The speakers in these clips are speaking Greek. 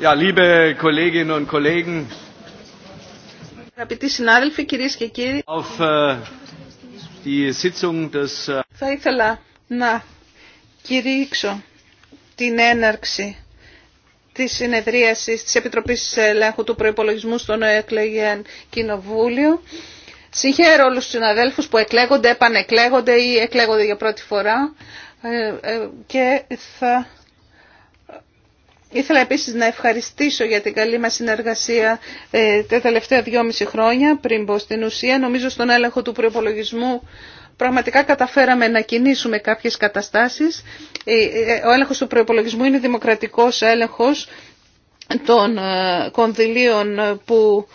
Ja, liebe Kolleginnen συνάδελφοι, κυρίες και κύριοι, auf, uh, θα ήθελα να κηρύξω την έναρξη της συνεδρίασης της Επιτροπής Ελέγχου του Προϋπολογισμού στο εκλεγέν Κοινοβούλιο. Συγχαίρω όλους τους συναδέλφους που εκλέγονται, επανεκλέγονται ή εκλέγονται για πρώτη φορά ε, ε, και θα Ήθελα επίσης να ευχαριστήσω για την καλή μας συνεργασία ε, τα τελευταία δυόμιση χρόνια πριν πω στην ουσία. Νομίζω στον έλεγχο του προπολογισμού πραγματικά καταφέραμε να κινήσουμε κάποιες καταστάσεις. Ε, ε, ο έλεγχος του προπολογισμού είναι δημοκρατικός έλεγχος των κονδυλίων που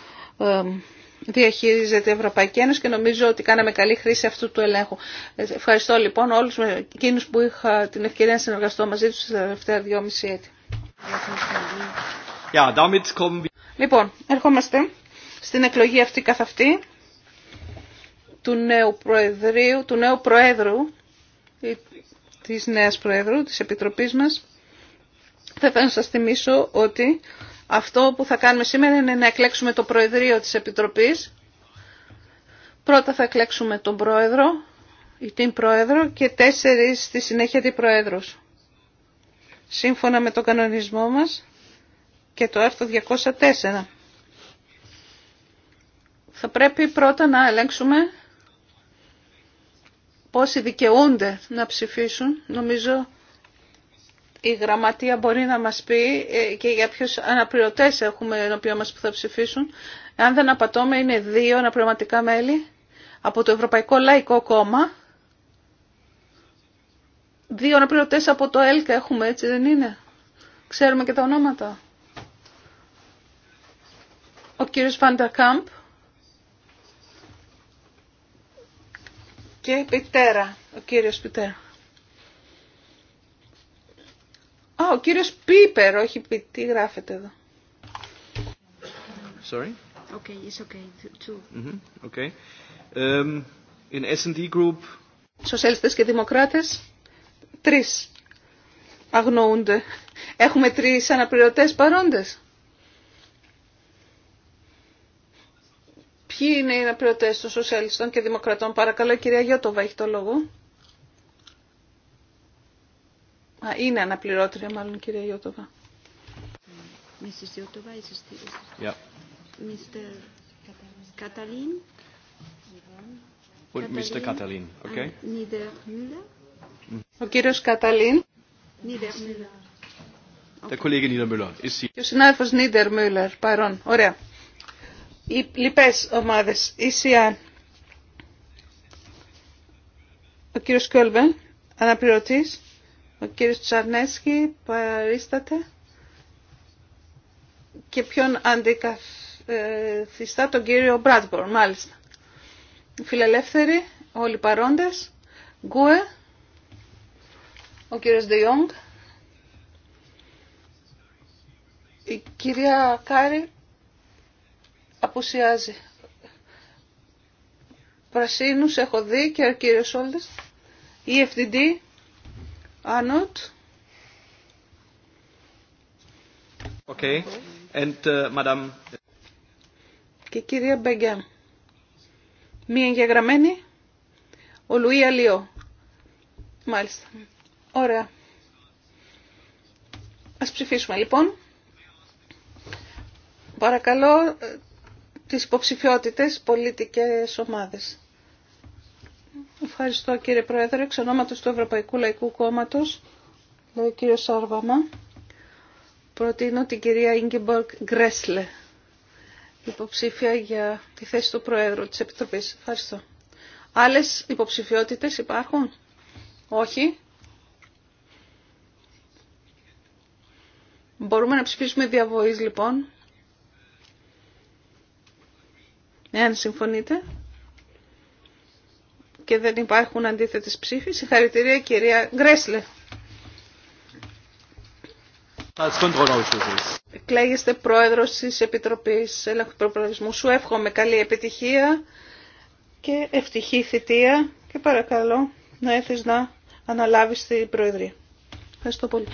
διαχειρίζεται η Ευρωπαϊκή Ένωση και νομίζω ότι κάναμε καλή χρήση αυτού του ελέγχου. Ευχαριστώ λοιπόν όλους εκείνους που είχα την ευκαιρία να συνεργαστώ μαζί τους τα τελευταία δυόμιση έτη. Λοιπόν, ερχόμαστε στην εκλογή αυτή καθ' αυτή του νέου προεδρίου, του νέου προέδρου της νέας προέδρου της Επιτροπής μας. Θα ήθελα να σας θυμίσω ότι αυτό που θα κάνουμε σήμερα είναι να εκλέξουμε το Προεδρείο της Επιτροπής. Πρώτα θα εκλέξουμε τον Πρόεδρο ή την Πρόεδρο και τέσσερις στη συνέχεια την Πρόεδρος σύμφωνα με τον κανονισμό μας και το άρθρο 204. Θα πρέπει πρώτα να ελέγξουμε πόσοι δικαιούνται να ψηφίσουν. Νομίζω η γραμματεία μπορεί να μας πει ε, και για ποιους αναπληρωτές έχουμε ενώπιον μας που θα ψηφίσουν. Αν δεν απατώμε είναι δύο αναπληρωματικά μέλη από το Ευρωπαϊκό Λαϊκό Κόμμα Δύο αναπληρωτέ από το ΕΛΚΑ έχουμε, έτσι δεν είναι. Ξέρουμε και τα ονόματα. Ο κύριος Φαντακάμπ και Πιτέρα, ο κύριος Πιτέρα. Α, ο κύριος Πίπερ, όχι Πι, τι γράφεται εδώ. Sorry. Okay, it's okay. Mm Okay. Um, in Group. Σοσιαλιστές και Δημοκράτες. Τρεις αγνοούνται. Έχουμε τρεις αναπληρωτές παρόντες. Ποιοι είναι οι αναπληρωτές των Σοσιαλιστών και Δημοκρατών. Παρακαλώ, κυρία Γιώτοβα έχει το λόγο. Α, είναι αναπληρώτρια μάλλον, κυρία Γιώτοβα. Yeah. Mr. Mr. okay. Ο κύριος Καταλίν. Και ο συνάδελφος Νίτερ Μούλερ παρόν. Ωραία. Οι λοιπές ομάδες, ΙΣΙΑΝ. Ο κύριος Κιόλβεν, αναπληρωτής. Ο κύριος Τσαρνέσκι, παρίσταται. Και ποιον αντικαθιστά τον κύριο Μπράτμπορν, μάλιστα. Φιλελεύθεροι, όλοι παρόντες. Γκουε, ο κύριος Ιόγκ. Η κυρία Κάρη απουσιάζει. Πρασίνους έχω δει και ο κύριος Σόλτες. Η FDD, Άνοτ. Okay. And, uh, Madame... Και η κυρία Μπεγκέν. Μία εγγεγραμμένη. Ο Λουί Αλιό. Μάλιστα. Ωραία. Ας ψηφίσουμε λοιπόν. Παρακαλώ ε, τις υποψηφιότητες πολιτικές ομάδες. Ευχαριστώ κύριε Πρόεδρε, εξ ονόματος του Ευρωπαϊκού Λαϊκού Κόμματος, λέει ο κύριος Σάρβαμα, προτείνω την κυρία Ίγκιμπορκ Γκρέσλε, υποψήφια για τη θέση του Προέδρου της Επιτροπής. Ευχαριστώ. Άλλες υποψηφιότητες υπάρχουν? Όχι. Μπορούμε να ψηφίσουμε διαβοής λοιπόν. Εάν συμφωνείτε και δεν υπάρχουν αντίθετες ψήφοι. Συγχαρητήρια κυρία Γκρέσλε. Εκλέγεστε πρόεδρος της Επιτροπής Ελέγχου Προπολογισμού. Σου εύχομαι καλή επιτυχία και ευτυχή θητεία και παρακαλώ να έρθεις να αναλάβεις την Προεδρία. Ευχαριστώ πολύ.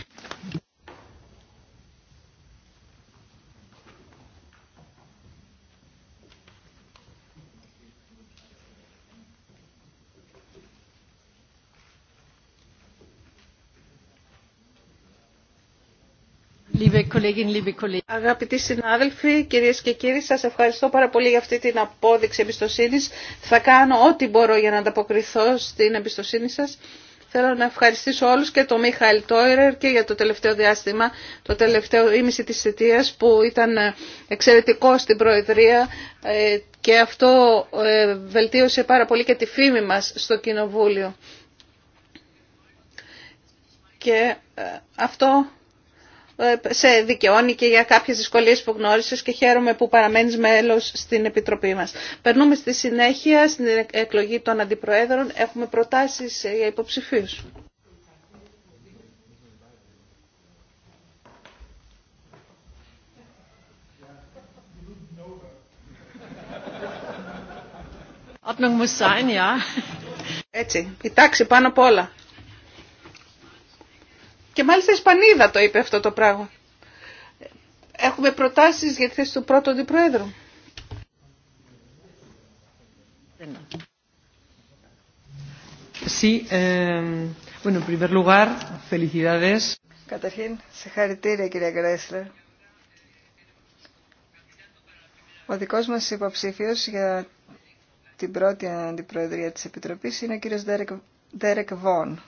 Αγαπητοί συνάδελφοι, κυρίες και κύριοι, σας ευχαριστώ πάρα πολύ για αυτή την απόδειξη εμπιστοσύνης. Θα κάνω ό,τι μπορώ για να ανταποκριθώ στην εμπιστοσύνη σας. Θέλω να ευχαριστήσω όλους και τον Μίχαηλ Τόιρερ και για το τελευταίο διάστημα, το τελευταίο ήμιση της θητείας που ήταν ε, εξαιρετικό στην Προεδρία ε, και αυτό ε, βελτίωσε πάρα πολύ και τη φήμη μας στο Κοινοβούλιο. Και αυτό ε, σε δικαιώνει και για κάποιες δυσκολίες που γνώρισε και χαίρομαι που παραμένει μέλος στην Επιτροπή μας. Περνούμε στη συνέχεια στην εκλογή των αντιπροέδρων. Έχουμε προτάσεις για υποψηφίους. Έτσι, η τάξη πάνω απ' όλα. Και μάλιστα η Ισπανίδα το είπε αυτό το πράγμα. Έχουμε προτάσεις για τη θέση του πρώτου αντιπροέδρου. Sí, eh, bueno, en κυρία Γκρέσλερ. Ο δικός μας υποψήφιος για την πρώτη αντιπροεδρία της Επιτροπής είναι ο κύριος Ντέρεκ Βόν.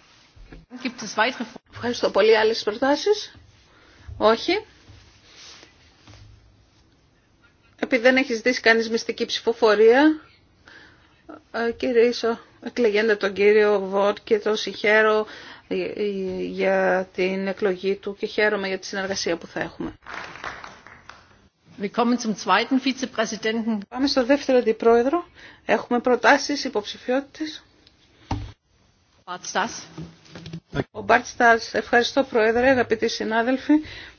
Ευχαριστώ πολύ. Άλλες προτάσεις. Όχι. Επειδή δεν έχει ζητήσει κανείς μυστική ψηφοφορία, ε, κύριε Ίσο, εκλεγέντε τον κύριο Βότ και τον συγχαίρω ε, ε, για την εκλογή του και χαίρομαι για τη συνεργασία που θα έχουμε. Πάμε στο δεύτερο αντιπρόεδρο. Έχουμε προτάσεις υποψηφιότητες. Ο Μπαρτ Στάζ, ευχαριστώ Πρόεδρε, αγαπητοί συνάδελφοι.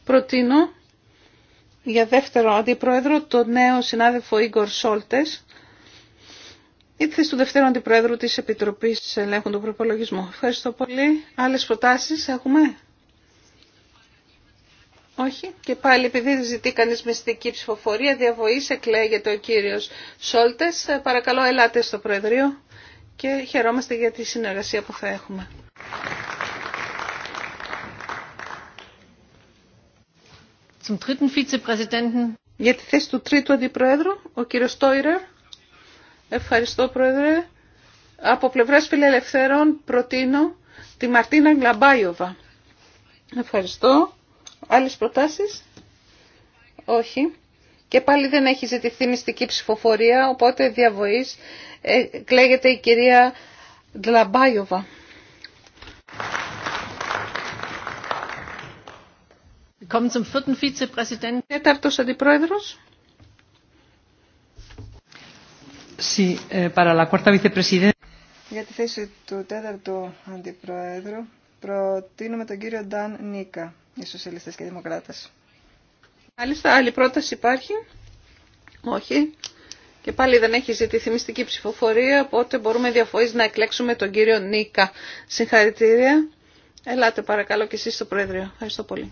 Προτείνω για δεύτερο αντιπρόεδρο το νέο συνάδελφο Ίγκορ Σόλτες, η του δεύτερου αντιπρόεδρου της Επιτροπής Ελέγχου του Προπολογισμού. Ευχαριστώ πολύ. Άλλες προτάσεις έχουμε? Όχι. Και πάλι επειδή ζητεί κανεί μυστική ψηφοφορία, διαβοή εκλέγεται ο κύριος Σόλτες. Παρακαλώ ελάτε στο Προεδρείο και χαιρόμαστε για τη συνεργασία που θα έχουμε. Zum Για τη θέση του τρίτου αντιπρόεδρου, ο κύριος Τόιρερ. Ευχαριστώ, Πρόεδρε. Από πλευράς φιλελευθέρων προτείνω τη Μαρτίνα Γκλαμπάιωβα. Ευχαριστώ. Άλλες προτάσεις? Όχι. Και πάλι δεν έχει ζητηθεί μυστική ψηφοφορία, οπότε διαβοής ε, κλέγεται η κυρία Γλαμπάιοβα. Τέταρτος αντιπρόεδρος. Eh, Για τη θέση του τέταρτου αντιπρόεδρου προτείνουμε τον κύριο Νταν Νίκα, οι Σοσιαλιστές και Δημοκράτες. Μάλιστα, άλλη πρόταση υπάρχει. Όχι. Και πάλι δεν έχει ζητηθεί μυστική ψηφοφορία, οπότε μπορούμε διαφορείς να εκλέξουμε τον κύριο Νίκα. Συγχαρητήρια. Ελάτε παρακαλώ και εσείς στο πρόεδρο. Ευχαριστώ πολύ.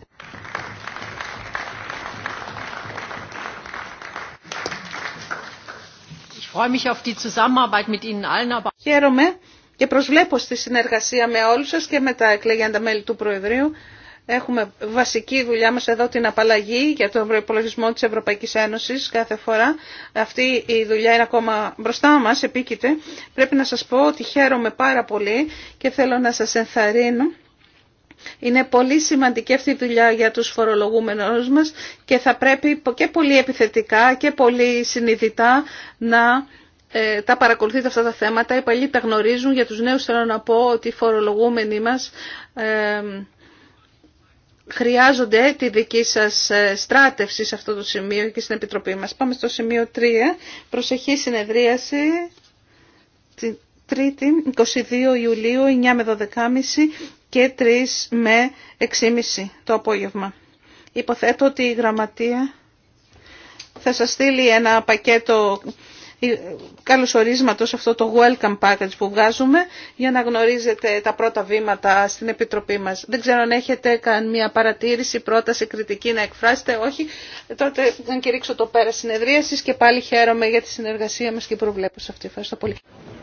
Χαίρομαι και προσβλέπω στη συνεργασία με όλους σας και με τα εκλεγέντα μέλη του Προεδρείου. Έχουμε βασική δουλειά μας εδώ την απαλλαγή για τον προπολογισμό της Ευρωπαϊκής Ένωσης κάθε φορά. Αυτή η δουλειά είναι ακόμα μπροστά μας, επίκειται. Πρέπει να σας πω ότι χαίρομαι πάρα πολύ και θέλω να σας ενθαρρύνω είναι πολύ σημαντική αυτή η δουλειά για τους φορολογούμενους μας και θα πρέπει και πολύ επιθετικά και πολύ συνειδητά να ε, τα παρακολουθείτε αυτά τα θέματα. Οι παλιοί τα γνωρίζουν. Για τους νέους θέλω να πω ότι οι φορολογούμενοι μας ε, χρειάζονται τη δική σας ε, στράτευση σε αυτό το σημείο και στην Επιτροπή μας. Πάμε στο σημείο 3. Προσεχή συνεδρίαση την 3 22 Ιουλίου 9 με 12.30 και 3 με 6.30 το απόγευμα. Υποθέτω ότι η γραμματεία θα σας στείλει ένα πακέτο ε, καλωσορίσματος, αυτό το welcome package που βγάζουμε, για να γνωρίζετε τα πρώτα βήματα στην Επιτροπή μας. Δεν ξέρω αν έχετε καν μια παρατήρηση, πρόταση, κριτική να εκφράσετε, όχι. Τότε να κηρύξω το πέρα συνεδρίασης και πάλι χαίρομαι για τη συνεργασία μας και προβλέπω σε αυτή. Ευχαριστώ πολύ.